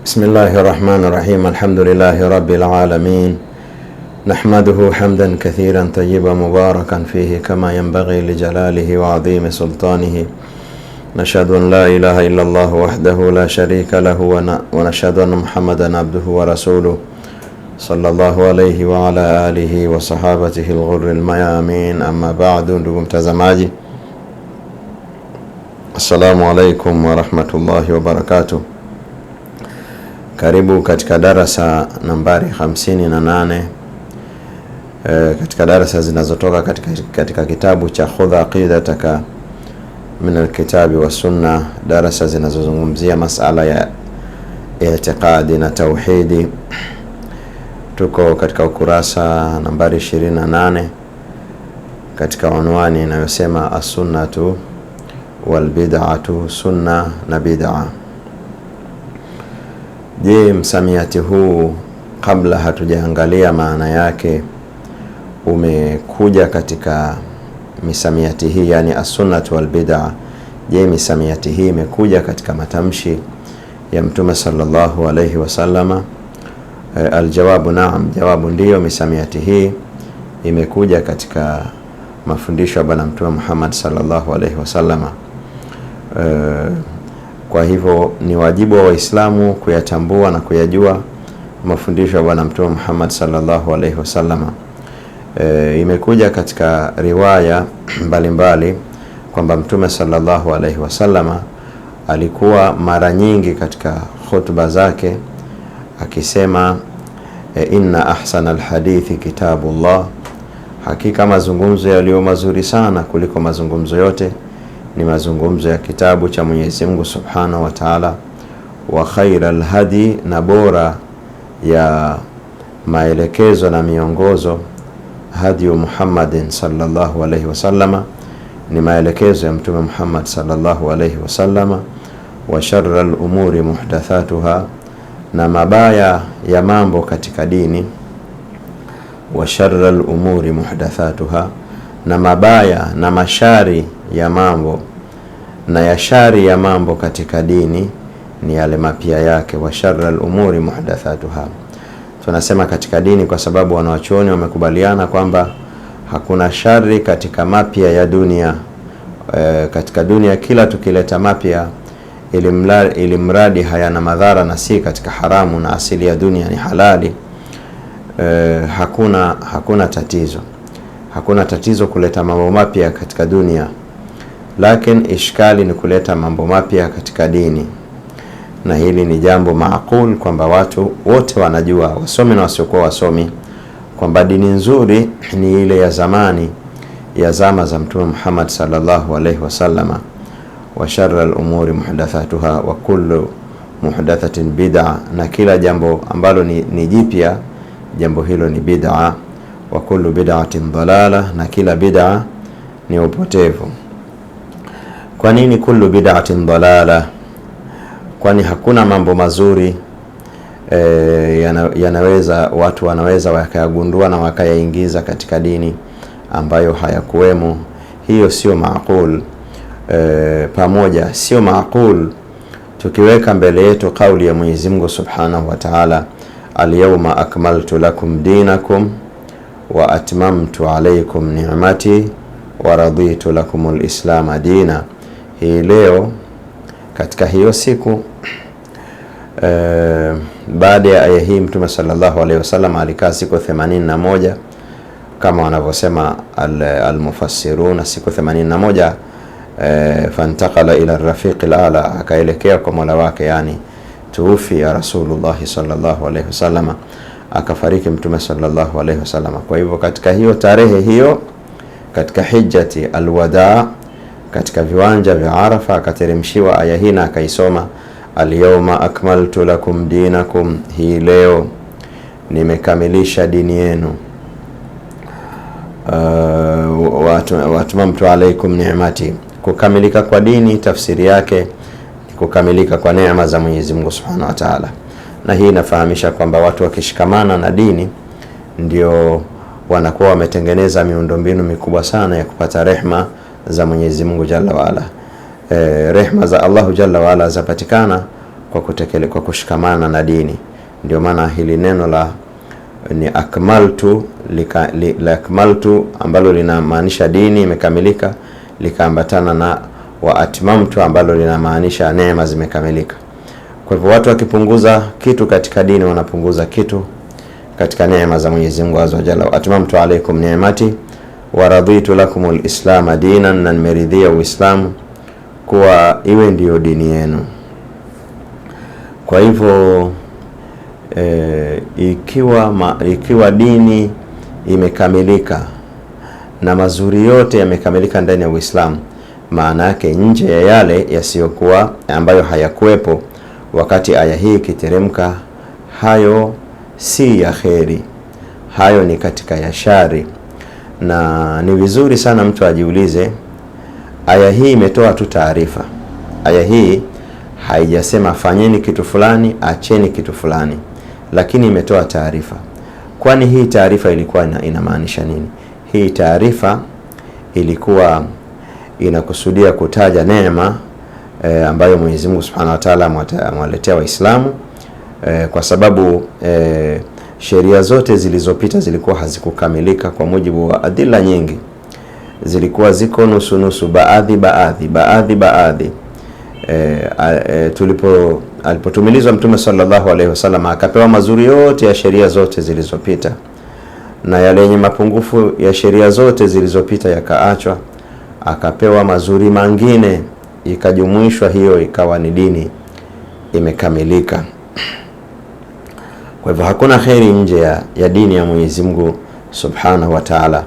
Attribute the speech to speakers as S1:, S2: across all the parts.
S1: بسم الله الرحمن الرحيم الحمد لله رب العالمين نحمده حمدا كثيرا طيبا مباركا فيه كما ينبغي لجلاله وعظيم سلطانه نشهد ان لا اله الا الله وحده لا شريك له ونشهد ان محمدا عبده ورسوله صلى الله عليه وعلى اله وصحابته الغر الميامين اما بعد ممتزماجي السلام عليكم ورحمه الله وبركاته Karibu katika darasa nambari 58 e, eh, katika darasa zinazotoka katika, katika kitabu cha khudha aqidataka min alkitabi wassunna, darasa zinazozungumzia masala ya itiqadi na tauhidi. Tuko katika ukurasa nambari 28 katika unwani inayosema assunnatu walbid'atu, sunna na bidaa Je, msamiati huu kabla hatujaangalia maana yake umekuja katika misamiati hii, yani as-sunnah wal bid'ah. Je, misamiati hii imekuja katika matamshi ya Mtume sallallahu alayhi wasallama? E, eh, aljawabu naam, jawabu ndiyo. Misamiati hii imekuja katika mafundisho ya Bwana Mtume Muhammad sallallahu alayhi wasallama e, eh, kwa hivyo ni wajibu wa Waislamu kuyatambua na kuyajua mafundisho ya Bwana Mtume Muhammad sallallahu alaihi wasallam. E, imekuja katika riwaya mbalimbali kwamba Mtume sallallahu alaihi wasallam alikuwa mara nyingi katika hotuba zake akisema e, inna ahsana alhadithi kitabullah, hakika mazungumzo yaliyo mazuri sana kuliko mazungumzo yote ni mazungumzo ya kitabu cha Mwenyezi Mungu Subhanahu wa Ta'ala, wa khaira alhadi, na bora ya maelekezo na miongozo hadiyu Muhammadin sallallahu alayhi wasallama, ni maelekezo ya Mtume Muhammad sallallahu alayhi wasallama. Wa sharra al-umuri muhdathatuha, na mabaya ya mambo katika dini. Wa sharra al-umuri muhdathatuha na mabaya na mashari ya mambo na ya shari ya mambo katika dini ni yale mapya yake, wa al umuri muhdathatuha. Tunasema katika dini kwa sababu wanawachuoni wamekubaliana kwamba hakuna shari katika mapya ya dunia. E, katika dunia kila tukileta mapya ili mradi hayana madhara na si katika haramu, na asili ya dunia ni halali. E, hakuna hakuna tatizo hakuna tatizo kuleta mambo mapya katika dunia, lakin ishkali ni kuleta mambo mapya katika dini. Na hili ni jambo maakul kwamba watu wote wanajua, wasomi na wasiokuwa wasomi, kwamba dini nzuri ni ile ya zamani ya zama za Mtume Muhammad sallallahu alaihi wasallama, wa sharra al-umuri muhdathatuha wa kullu muhdathatin bid'a, na kila jambo ambalo ni, ni jipya jambo hilo ni bid'a wa kullu bid'atin dalala, na kila bid'a ni upotevu. Kwa nini kullu bid'atin dalala? Kwani hakuna mambo mazuri e, yana, yanaweza watu wanaweza wakayagundua na wakayaingiza katika dini ambayo hayakuwemo. Hiyo sio maqul E, pamoja sio maqul tukiweka mbele yetu kauli ya Mwenyezi Mungu Subhanahu wa Ta'ala, al-yawma akmaltu lakum dinakum wa atmamtu alaikum ni'mati wa raditu lakum lislama dina. Hii leo katika hiyo siku e, baada ya aya hii Mtume sallallahu alaihi wasallam alikaa siku 81 kama wanavyosema almufassiruna al siku 81 e, fantakala ila rafiqi lala, akaelekea kwa mola wake yani tuufi ya Rasulullahi sallallahu alaihi wasalama akafariki Mtume sallallahu alaihi wasallam. Kwa hivyo katika hiyo tarehe hiyo katika hijjati alwada katika viwanja vya Arafa akateremshiwa aya hii na akaisoma, alyawma akmaltu lakum dinakum, hii leo nimekamilisha dini yenu. Uh, waatmamtu alaikum ni'mati, kukamilika kwa dini tafsiri yake ni kukamilika kwa neema za Mwenyezi Mungu subhanahu wa ta'ala na hii inafahamisha kwamba watu wakishikamana na dini ndio wanakuwa wametengeneza miundombinu mikubwa sana ya kupata rehma za Mwenyezi Mungu Jalla waala. E, rehma za Allahu Jalla waala zapatikana kwa kutekele, kwa kushikamana na dini. Ndio maana hili neno la ni akmaltu lika, li, la akmaltu ambalo linamaanisha dini imekamilika likaambatana na wa atmamtu ambalo linamaanisha neema zimekamilika. Kwa hivyo watu wakipunguza kitu katika dini wanapunguza kitu katika neema za Mwenyezi Mungu azza jalla, atmamtu alaykum ni'mati wa raditu lakum lislama dinan, na nimeridhia Uislamu kuwa iwe ndiyo dini yenu. Kwa hivyo e, ikiwa, ma, ikiwa dini imekamilika na mazuri yote yamekamilika ndani ya Uislamu, maana yake nje ya yale yasiyokuwa ambayo hayakuwepo wakati aya hii ikiteremka, hayo si ya kheri, hayo ni katika ya shari. Na ni vizuri sana mtu ajiulize, aya hii imetoa tu taarifa. Aya hii haijasema fanyeni kitu fulani, acheni kitu fulani, lakini imetoa taarifa. Kwani hii taarifa ilikuwa inamaanisha nini? Hii taarifa ilikuwa inakusudia kutaja neema e, ambayo Mwenyezi Mungu Subhanahu wa Ta'ala amewaletea Waislamu e, kwa sababu e, sheria zote zilizopita zilikuwa hazikukamilika kwa mujibu wa adila nyingi, zilikuwa ziko nusu nusu, baadhi baadhi baadhi baadhi. E, e, tulipo alipotumilizwa Mtume sallallahu alaihi wasallam akapewa mazuri yote ya sheria zote zilizopita na yale yenye mapungufu ya sheria zote zilizopita yakaachwa, akapewa mazuri mangine ikajumuishwa hiyo ikawa ni dini imekamilika. Kwa hivyo hakuna kheri nje ya, ya dini ya Mwenyezi Mungu Subhanahu wa Ta'ala,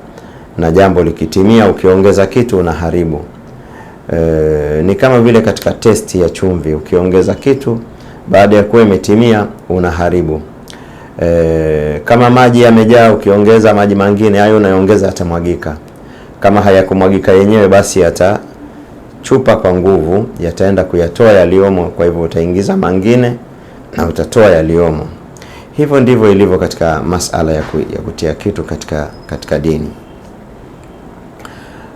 S1: na jambo likitimia ukiongeza kitu unaharibu. E, ni kama vile katika testi ya chumvi ukiongeza kitu baada ya kuwa imetimia unaharibu. E, kama maji yamejaa ukiongeza maji mengine hayo unayoongeza yatamwagika. Kama hayakumwagika yenyewe basi yata chupa kwa nguvu yataenda kuyatoa yaliyomo, kwa hivyo utaingiza mangine na utatoa yaliyomo. Hivyo ndivyo ilivyo katika masala ya, ku, ya kutia kitu katika, katika dini.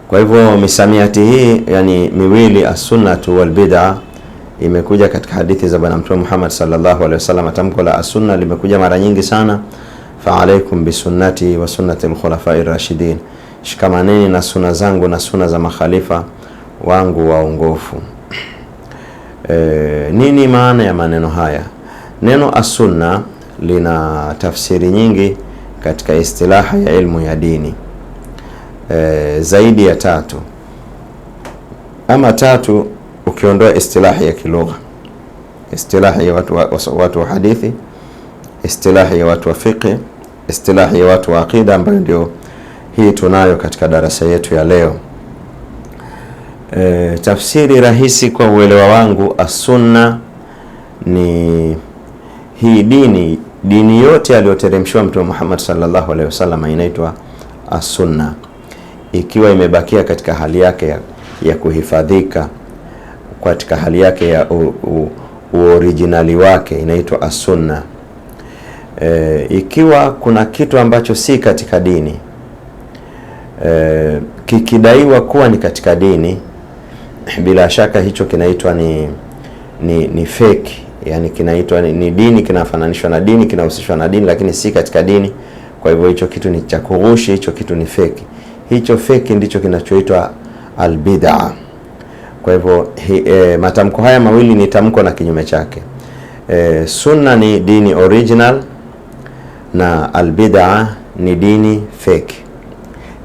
S1: Kwa hivyo misamiati hii yani miwili as-sunnatu wal imekuja katika hadithi za Bwana Mtume Muhammad sallallahu alaihi wasallam. Tamko la as limekuja mara nyingi sana, fa alaikum bisunnati wa sunnati al rashidin, shikamaneni na sunna zangu na sunna za makhalifa wangu waongofu. E, nini maana ya maneno haya? Neno asunna lina tafsiri nyingi katika istilaha ya ilmu ya dini e, zaidi ya tatu ama tatu ukiondoa istilahi ya kilugha, istilahi ya watu wa, watu wa hadithi, istilahi ya watu wa fiqhi istilahi ya watu wa aqida ambayo ndio hii tunayo katika darasa yetu ya leo. E, tafsiri rahisi kwa uelewa wangu, asunna ni hii dini, dini yote aliyoteremshiwa Mtume Muhammad sallallahu alaihi wasallam inaitwa asunna, ikiwa imebakia katika hali yake ya, ya kuhifadhika katika hali yake ya uorijinali wake inaitwa asunna. E, eh, ikiwa kuna kitu ambacho si katika dini e, kikidaiwa kuwa ni katika dini bila shaka hicho kinaitwa ni, ni, ni fake yani kinaitwa ni, ni dini, kinafananishwa na dini, kinahusishwa na dini, lakini si katika dini. Kwa hivyo hicho kitu ni cha kughushi, hicho kitu ni fake. Hicho fake ndicho kinachoitwa albid'a. Kwa hivyo e, matamko haya mawili ni tamko na kinyume chake. E, sunna ni dini original na albid'a ni dini fake.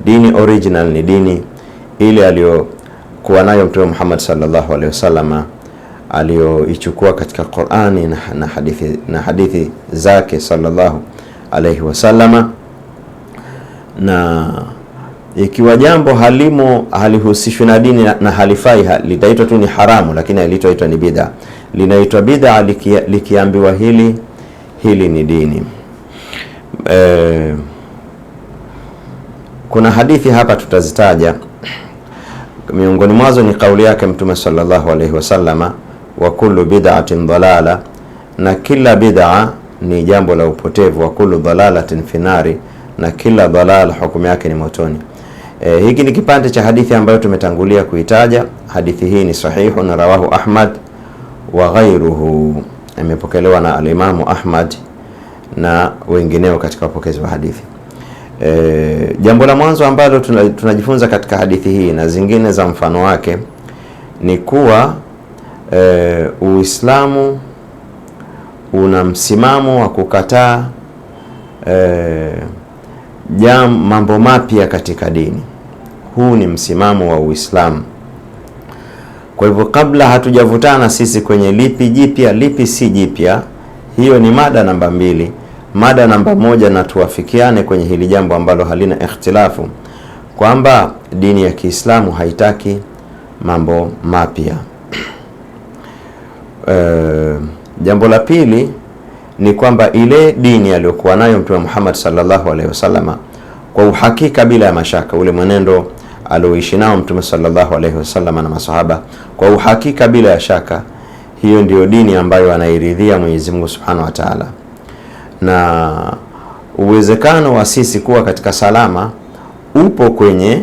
S1: Dini original ni dini ile aliyo kuwa nayo Mtume Muhammad sallallahu alaihi wasallam aliyoichukua katika Qur'ani na, na, hadithi, na hadithi zake sallallahu alaihi wasallam, na ikiwa jambo halimo halihusishwi na dini na, na halifai ha, litaitwa tu ni haramu, lakini halitoitwa ni bidhaa Linaitwa bidhaa likiambiwa likiambiwa hili hili ni dini e, kuna hadithi hapa tutazitaja miongoni mwazo ni kauli yake Mtume sallallahu alaihi wasallama, wa kullu bid'atin dalala, na kila bid'a ni jambo la upotevu, wa kullu dalalatin finari, na kila dalala hukumu yake ni motoni. E, hiki ni kipande cha hadithi ambayo tumetangulia kuitaja. Hadithi hii ni sahihu na rawahu Ahmad wa ghairuhu, imepokelewa na alimamu Ahmad na wengineo katika wapokezi wa hadithi. E, jambo la mwanzo ambalo tunajifunza katika hadithi hii na zingine za mfano wake ni kuwa e, Uislamu una msimamo wa kukataa e, jam, mambo mapya katika dini. Huu ni msimamo wa Uislamu. Kwa hivyo kabla hatujavutana sisi kwenye lipi jipya, lipi si jipya, hiyo ni mada namba mbili. Mada namba moja, na tuafikiane kwenye hili jambo ambalo halina ikhtilafu kwamba dini ya Kiislamu haitaki mambo mapya. E, jambo la pili ni kwamba ile dini aliyokuwa nayo Mtume Muhammad sallallahu alaihi wasallama kwa uhakika, bila ya mashaka, ule mwenendo alioishi nao Mtume sallallahu alaihi wasallama na masahaba kwa uhakika, bila ya shaka, hiyo ndiyo dini ambayo anairidhia Mwenyezi Mungu subhanahu wa taala na uwezekano wa sisi kuwa katika salama upo kwenye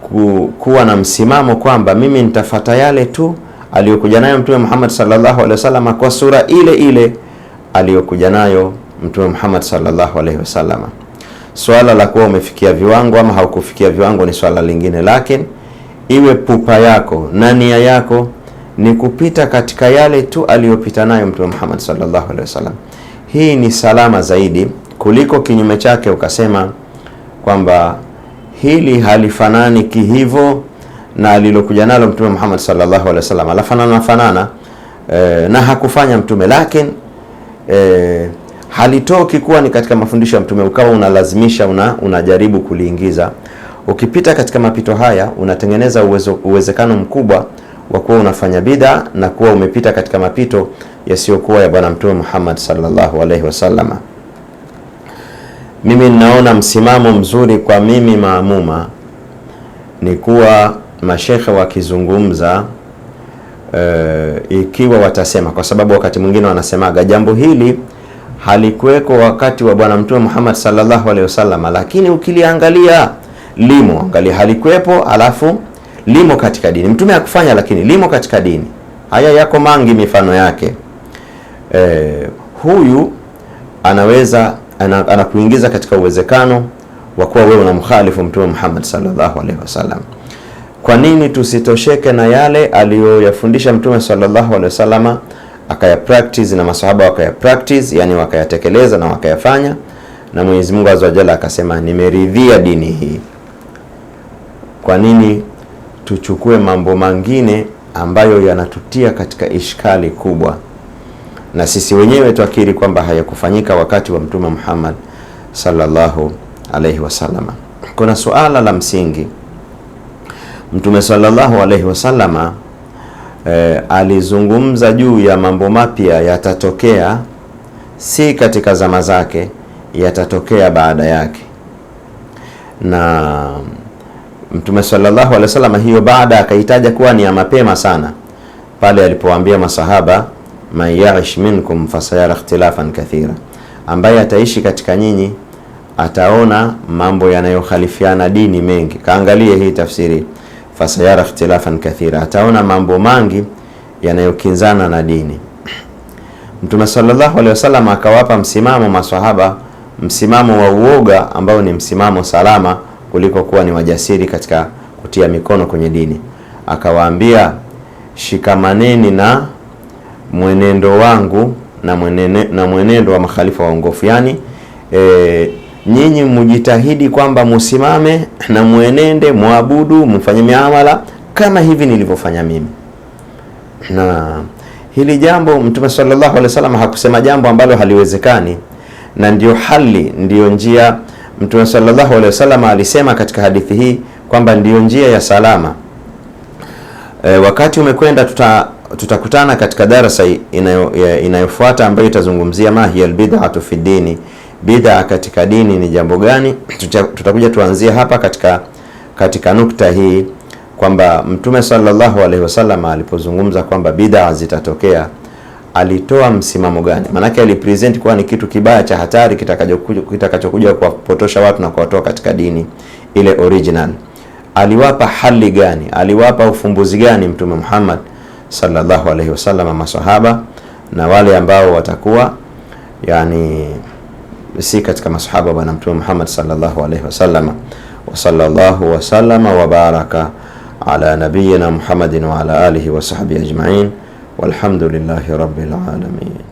S1: ku, kuwa na msimamo kwamba mimi nitafata yale tu aliyokuja nayo Mtume Muhammad sallallahu alaihi wasallam kwa sura ile ile aliyokuja nayo Mtume Muhammad sallallahu alaihi wasallam. Swala la kuwa umefikia viwango ama haukufikia viwango ni swala lingine, lakini iwe pupa yako na nia yako ni kupita katika yale tu aliyopita nayo Mtume Muhammad sallallahu alaihi wasallam hii ni salama zaidi kuliko kinyume chake, ukasema kwamba hili halifanani kihivo na alilokuja nalo Mtume Muhammad sallallahu alaihi wasallam, alafanana fanana e, na hakufanya Mtume, lakini e, eh, halitoki kuwa ni katika mafundisho ya Mtume ukawa unalazimisha una, unajaribu kuliingiza. Ukipita katika mapito haya unatengeneza uwezo, uwezekano mkubwa wa kuwa unafanya bidha na kuwa umepita katika mapito yasiyokuwa ya Bwana Mtume Muhammad sallallahu alaihi wasallama. Mimi ninaona msimamo mzuri kwa mimi maamuma ni kuwa mashekhe wakizungumza e, ikiwa watasema, kwa sababu wakati mwingine wanasemaga jambo hili halikuweko wakati wa Bwana Mtume Muhammad sallallahu alaihi wasallama, lakini ukiliangalia limo, angalia halikuwepo, alafu limo katika dini. Mtume hakufanya, lakini limo katika dini. Haya yako mangi mifano yake eh, huyu anaweza anakuingiza ana katika uwezekano wa kuwa wewe mkhalifu Mtume Muhammad sallallahu alaihi wasallam. Kwa nini tusitosheke na yale aliyoyafundisha Mtume sallallahu alaihi wasallam akaya practice na masahaba wakaya practice, yani wakayatekeleza na wakayafanya, na Mwenyezi Mungu azza wajalla akasema nimeridhia dini hii. Kwa nini tuchukue mambo mengine ambayo yanatutia katika ishkali kubwa? na sisi wenyewe tuakiri kwamba hayakufanyika wakati wa Mtume Muhammad sallallahu alaihi wasallama. Kuna suala la msingi, Mtume sallallahu alaihi wasallama e, eh, alizungumza juu ya mambo mapya yatatokea, si katika zama zake, yatatokea baada yake na Mtume sallallahu alaihi wasallam hiyo baada akaitaja kuwa ni ya mapema sana, pale alipowaambia masahaba man yaish minkum fasayara ikhtilafan kathira, ambaye ataishi katika nyinyi ataona mambo yanayokhalifiana dini mengi. Kaangalie hii tafsiri, fasayara ikhtilafan kathira, ataona mambo mangi yanayokinzana na dini. Mtume sallallahu alaihi wasallam akawapa msimamo maswahaba, msimamo wa uoga ambao ni msimamo salama kuliko kuwa ni wajasiri katika kutia mikono kwenye dini. Akawaambia, shikamaneni na mwenendo wangu na mwenene, na mwenendo wa makhalifa waongofu yani e, nyinyi mujitahidi kwamba musimame na mwenende mwabudu mfanye miamala kama hivi nilivyofanya mimi. Na hili jambo Mtume sallallahu alaihi wasallam hakusema jambo ambalo haliwezekani, na ndiyo hali, ndiyo njia. Mtume sallallahu alaihi wasallam alisema katika hadithi hii kwamba ndiyo njia ya salama. E, wakati umekwenda tuta tutakutana katika darasa inayofuata ambayo itazungumzia ma hiya albid'atu fi dini, bid'a katika dini ni jambo gani. Tutakuja tuanzie hapa katika, katika nukta hii kwamba Mtume sallallahu alaihi wasallam alipozungumza kwamba bidhaa zitatokea alitoa msimamo gani? Maanake alipresent kuwa ni kitu kibaya cha hatari kitakachokuja kuwapotosha watu na kuwatoa katika dini ile original. Aliwapa hali gani? Aliwapa ufumbuzi gani Mtume Muhammad sallallahu alaihi wasallam, masahaba na wale ambao watakuwa yani si katika masahaba bwana mtume Muhammad sallallahu alaihi wasallam. Wa sallallahu wasallama wa baraka ala nabiyyina Muhammadin wa ala alihi wa sahbihi ajma'in walhamdulillahi rabbil alamin.